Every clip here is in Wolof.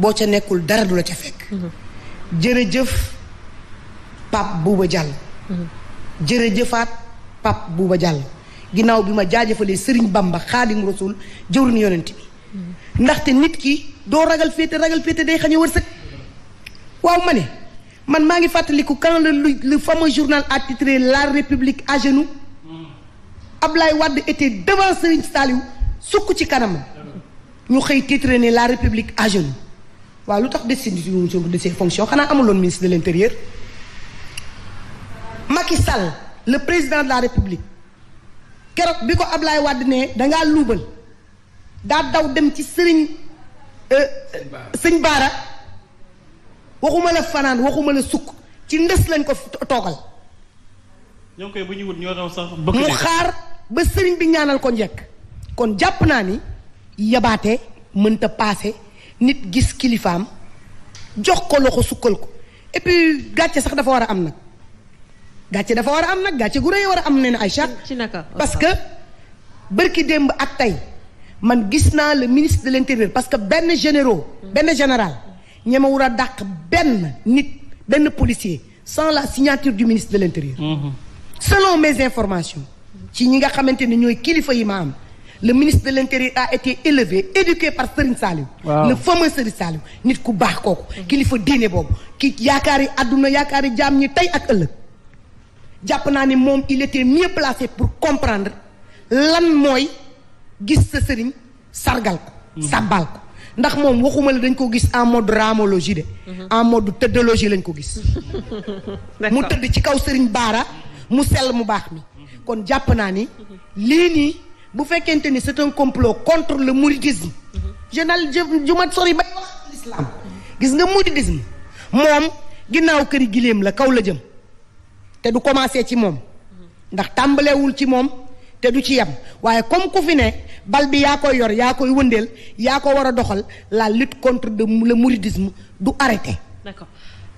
boo ca nekkul dara du la ca fekk. Mhm. jërëjëf Pape jàll Diallo. Mhm. jërëjëfaat Pape Bouba jàll ginnaaw bi ma jaajëfalee Serigne Bamba Xaadim Rasul jëwriñ yonent bi mhm. ndaxte nit ki doo ragal féete ragal féete day xañ a wërsëg waaw ma ne man maa ngi fàttaliku quand le le fameux journal attitré La République à genoux Ablaye Wade était devant Serigne Saliou sukk ci kanamam ñu xëy titré ne La République à genoux waaw lu tax destitution de ses fonctions xanaa amuloon ministre de l' intérieur Macky Sall le président de la république keroog bi ko Ablaye Wade ne dangaa luubal daa daw dem ci sëriñ sëñ Baara waxuma la fanaan waxuma la sukk ci ndes lañ ko toogal bu ñu wut ñoo mu xaar ba sëriñ bi ñaanal ko njekk kon jàpp naa ni yabaate mënta paase nit gis kilifaam jox ko loxo sukkal ko et puis gàcce sax dafa war a am nag gàcce dafa war a am nag gàcce gu rëy war a am ne na Aïcha ci naka parce que bërki démb ak tey man gis naa le ministre de l'intérieur parce que benn généraux hmm. benn général ñemewul a dàq benn nit benn policier sans la signature du ministre de l'intérieur hmm. selon mes informations ci ñi nga xamante ne ñooy kilifa yi ma am le ministre de l'intérieur a été élevé éduqué par Serigne Saliou wow. le fameux Serigne Saliou nit ku baax kooku mm-hmm. kilifa diine boobu ki yaakaari àdduna yaakaari jaam ñi tey ak ëllëg jàpp naa ne moom il était mieux placé pour comprendre lan mooy gis sa sëriñ sargal ko mm-hmm. sàbbal ko ndax moom waxuma la dañ ko gis en mode ramologie de mm-hmm. en mode tëddalogie lañ ko gis mu tëdd ci kaw sëriñ baara mu sell mu baax mi kon jàpp naa ni lii nii bu fekkente ni c'est un complot contre le mouridisme je nal ju ma sori bay l'islam gis nga mouridisme moom ginnaaw këri giléem la kaw la jëm te du commencé ci moom ndax tàmbalewul ci moom te du ci yem waaye comme ku fi ne bal bi yaa koy yor yaa koy wëndeel yaa ko war a doxal la lutte contre de le mouridisme du arrêté. d'accord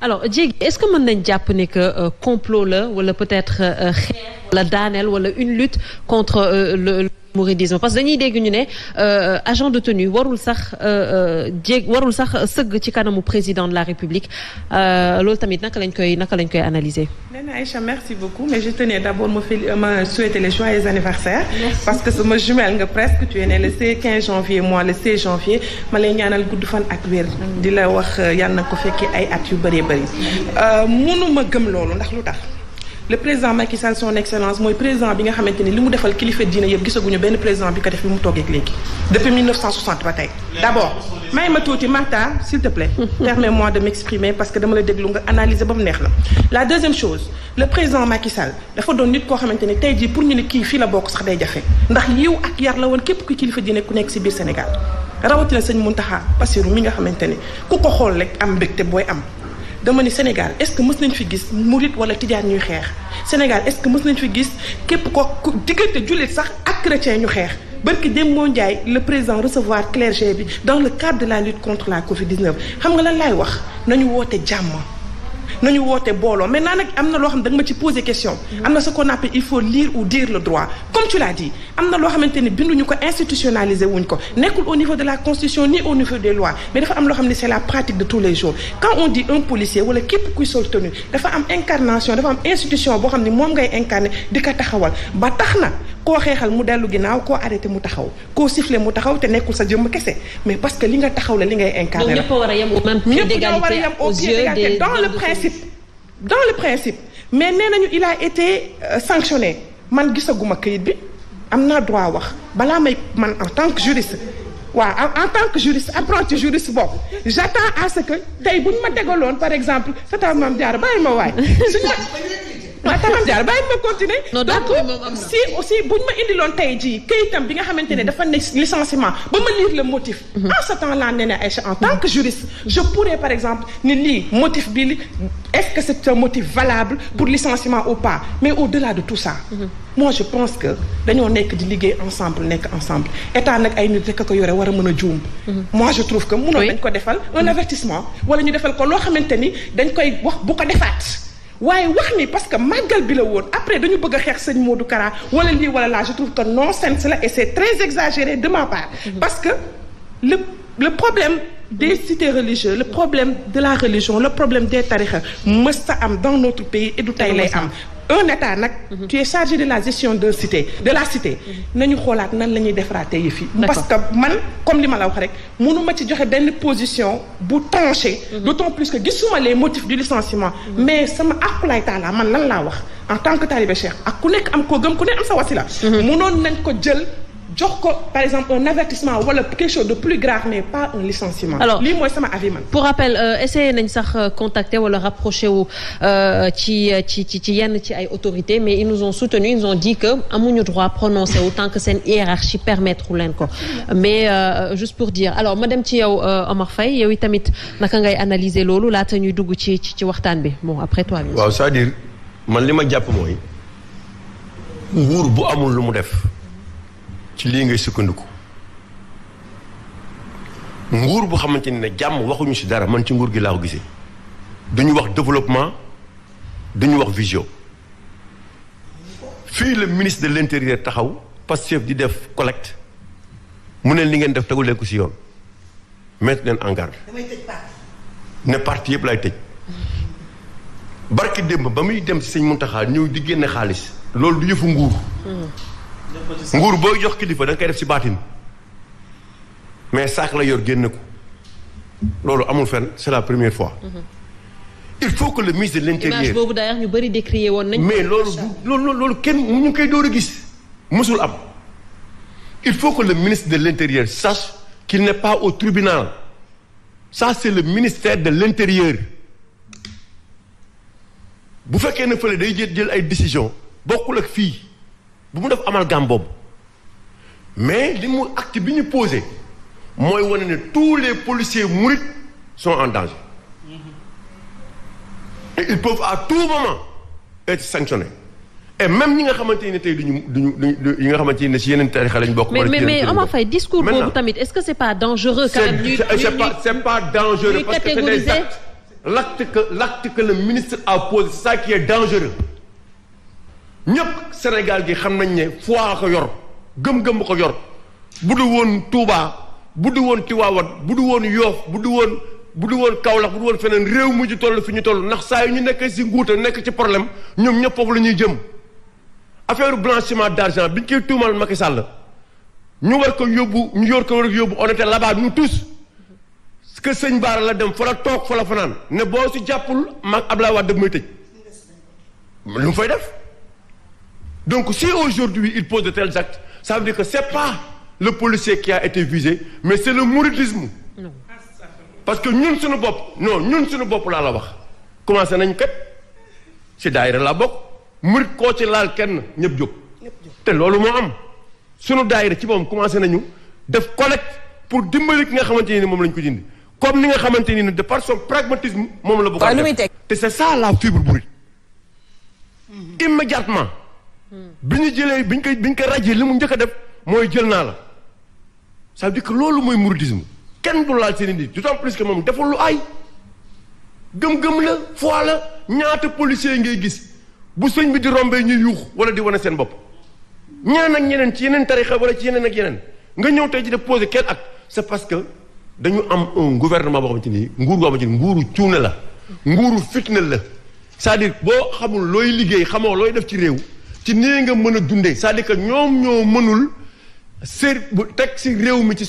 alors Diegui est-ce que mën nañ jàpp ne que euh, complot la wala peut-être euh, euh, xeex wala daaneel wala une lutte contre le. mouridisme parce que dañuy dégg ñu ne euh, agent de tenue warul sax euh, euh, jéeg warul sax sëgg ci kanamu président de la République lool tamit naka lañ koy naka lañ koy analyser. Nana Aïcha merci beaucoup mais je tenais d'abord ma fi ma souhaiter les joyeux anniversaire. parce que sama jumelle nga presque tu es né le 15 janvier moi le 16 janvier ma lay ñaanal gudd fan ak wér. Mm. di la wax yàlla na ko fekkee ay at yu bëree bëri. mënu ma gëm loolu ndax lu tax. le président Macky Sall son excellence mooy président bi nga xamante ni li mu defal kilifa diine yëpp gisaguñu benn président bi ko def bi mu toogee léegi depuis 1960 ba tey d' abord déglu nga analyser ba mu neex la la deuxième chose le président nit koo xamante ni tey jii pour ñu ne kii fii la bokk sax day jafe ndax yiw ak yar képp ku kilifa diine ku nekk si biir Sénégal rawatina sëñ Mountakha Bassirou mi nga xamante ni ku ko xool am mbégte booy dama ni Sénégal est ce que mës nañ fi gis murit wala tijaan ñuy xeex Sénégal est-ce que mës nañ fi gis képp ko diggante jullit sax ak chrétien ñu xeex barki dem moo njaay le président recevoir clergé bi dans le cadre de la lutte contre la Covid 19 xam nga lan laay wax nañu woote jàmm. nañu woote booloo maintenant nag am na loo xam da nga ma ci poser question am na ce qu'on appelle il faut lire ou dire le droit comme tu l'as dit am na loo xamante ne binduñu ko institutionnaliser wuñ ko nekkul au niveau de la constitution ni au niveau des lois mais dafa am loo xam ne c'est la pratique de tous les jours quand on dit un policier wala képp kuy sol tenue dafa am incarnation dafa am institution boo xam ne moom ngay incarner di ko taxawal ba tax na koo xeexal mu dellu ginnaaw koo arrêté mu taxaw koo sifflé mu taxaw te nekkul sa jëmm kese mais parce que li nga taxaw la li ngay incarné la ñëpp war a yem au même dans le principe dans le principe mais nee nañu il a été euh, sanctionné man gisaguma këyit bi am naa droit wax balaa may man en tant que juriste waaw en, tant que juriste apprenti juriste boobu j'attends à ce que tey bu ñu ma tegaloon par exemple sa taw maam ma waay bàyyi ma continuer. non d'accord moom am na si aussi buñ ma indiloon tey jii këyitam bi nga xamante ne dafa ne licenciement ba ma lire le motif. Mhm. en ce temps là nee na Aïcha en tant que juriste. je pourrais par exemple ni lii motif bi li est-ce que c'est un motif valable pour licenciement ou pas mais au-delà de tout ça. Mhm. moi je pense que dañoo nekk di liggéey ensemble nekk ensemble état nag ay nit rekk a ko yore war a mën a juum. Mhm. moi je trouve que mënoon dañ ko defal un wala ñu defal ko loo xamante ni dañ koy wax bu ko defaat. waaye wax ni parce que màggal bi la woon après dañu bëgg a xeex sëñ Modou Kara wala lii wala laa je trouve que non sens la et c'est très exagéré de ma part mm-hmm. parce que le le problème des mm-hmm. cités religieuses le problème de la religion le problème des tarixa mës a am dans notre pays et du tey lay am un état nag. Mhm. tu es chargé de la gestion de cité de la cité. Mhm. nañu xoolaat nan la ñuy defaraatee yi fii. parce que man comme li ma la wax rek mënuma ci joxe benn position bu tranché. Mhm. d'autant plus que gisuma les motifs du licenciement. mais sama akulaay taalaa man lan laa wax en tant que talibé cheikh ak ku nekk am koo gëm ku nekk am sa wasila. mënoon nañ ko jël. jox ko par exemple un avertissement wala quelque de plus grave mais pas un licenciement. alors lii mooy sama avis man. pour rappel euh, essayé nañ sax euh, contacter wala rapproché wu euh, ci ci ci ci yenn ci ay autorités mais ils nous ont soutenu ils nous ont dit que amuñu droit prononcé wu tant que seen hiérarchie permettre leen ko. mais euh, juste pour dire alors ma dem ci yow Omar Faye yow tamit naka ngay analyser loolu laata ñuy dugg ci ci waxtaan bi bon après toi. waaw cest man li ma jàpp mooy. amul lu mu def. ci lii ngay sukkandiku nguur bu xamante ni ne jàmm waxuñu si dara man ci nguur gi laa ko gisee duñu wax développement duñu wax visio fii la ministre de l'intérieur taxaw Pastef di def collecte mu ne li ngeen def teguleeku leen si yoon mettre leen en ne parti yëpp lay tëj barki démb ba muy dem si sëñ Muntaxa ñëw di génne xaalis loolu du yëfu nguur hmm. nguur booy jox kilifa da nga koy def ci baatin mais saak la yor génn ko loolu amul fenn c'est la première fois. Mm-hmm. il faut que le ministre de l'intérieur image boobu d'ailleurs ñu woon nañ mais loolu loolu loolu kenn ñu ngi koy door a gis mosul am il faut que le ministre de l'intérieur sache qu'il n'est pas au tribunal ça c'est le ministère de l'intérieur bu fekkee ne fële day jël jël ay décision bokkul ak fii. bu mu def amalgame boobu mais li mu acte bi ñu posé mooy wane ne tous les policiers mourides sont en danger mm-hmm. et ils peuvent à tout moment être sanctionnés et même ñi nga xamante ne tey duñu duñu duñu yi nga xamante ne si yeneen tarixa lañ bokk. mais mais mais Omar Faye discours boobu tamit est-ce que c'est pas dangereux. quand même ñuy c'est pas c'est pas dangereux. parce que c'est des actes l'acte que l'acte que le ministre a posé c'est ça qui est dangereux. ñëpp Sénégal gi xam nañ ne foi ko yor gëm-gëm ko yor bu du woon Touba bu du woon Tiwaawan bu du woon Yoof bu du woon bu du woon Kaolack bu du woon feneen réew mujj ci toll fi ñu toll ndax saa yu ñu nekkee si nguuta nekk ci problème ñoom ñëpp foofu la ñuy jëm affaire blanchiment d'argent bi ñu koy tuumal Macky sàll ñu war ko yóbbu ñu yor ko war yóbbu on était là-bas nous tous que sëñ Baara la dem fa la toog fa la fanaan ne boo si jàppul mag ab Wade mooy tëj lu fay def Donc si aujourd'hui il pose de tels actes, ça veut dire que c'est pas le policier qui été visé, mais c'est le mouridisme. Parce que ñun suñu bopp non ñun suñu bopp laa la wax commencé nañ kat ci daayira laa bokk murid koo ci laal kenn ñëpp jóg te loolu moo am suñu daayira ci moom commencé nañu def collecte pour dimbali ki nga xamante ni moom lañu ko jindi comme ni nga xamante ni de par son pragmatisme moom la bëgg a teg te c'est ça la fibre mouride mm-hmm. immédiatement bi ñu jëlee bi ñu koy bi ñu koy rajee li mu njëkk a def mooy jël naa la ça veut dire loolu mooy mouridisme kenn du laal seeni nit d'autant plus que moom deful ay gëm-gëm la foi la ñaata policiers ngay gis bu sëñ bi di rombee ñuy yuux wala di wane seen bopp ñaan ak ñeneen ci yeneen tarixa wala ci yeneen ak yeneen nga ñëw tey ci def posé kenn ak c'est parce que dañu am un gouvernement boo xamante ni nguur goo xamante ni nguuru cuune la nguuru fitna la cest à boo xamul looy liggéey xamoo looy def ci réew ci nee nga mën a dundee cest à ñoom ñoo mënul bu teg si réew mi ci